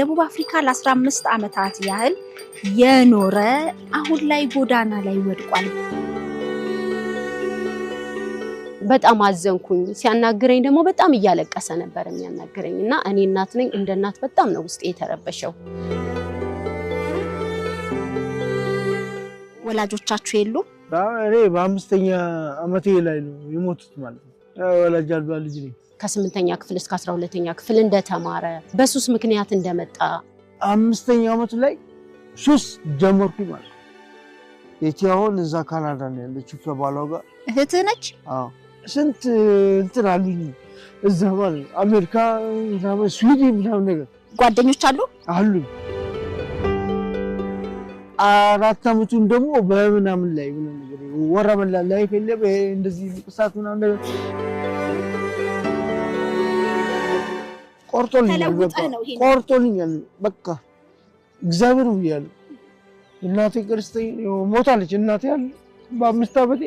ደቡብ አፍሪካ ለ15 ዓመታት ያህል የኖረ አሁን ላይ ጎዳና ላይ ወድቋል። በጣም አዘንኩኝ። ሲያናግረኝ ደግሞ በጣም እያለቀሰ ነበር የሚያናግረኝ እና እኔ እናት ነኝ። እንደ እናት በጣም ነው ውስጤ የተረበሸው። ወላጆቻችሁ የሉ? እኔ በአምስተኛ ዓመቴ ላይ ነው የሞቱት ማለት ነው። ወላጅ አልባ ልጅ ነኝ። ከስምንተኛ ክፍል እስከ አስራ ሁለተኛ ክፍል እንደተማረ በሱስ ምክንያት እንደመጣ አምስተኛ ዓመት ላይ ሱስ ጀመርኩ ማለት የቲ አሁን እዛ ካናዳ ነው ያለችው ከባሏ ጋር እህትህ ነች። ስንት እንትን አሉኝ እዛ ማለት አሜሪካ፣ ስዊድን ምናምን ነገር ጓደኞች አሉ አሉኝ። አራት ዓመቱን ደግሞ በምናምን ላይ ወረመላ ላይ ፈለ እንደዚህ ምናምን ነገር ቆርጦልኛል፣ ቆርጦልኛል። በቃ እግዚአብሔር ብያለሁ። እናቴ ክርስቲ ሞታለች። እናቴ አለ በአምስት ዓመቴ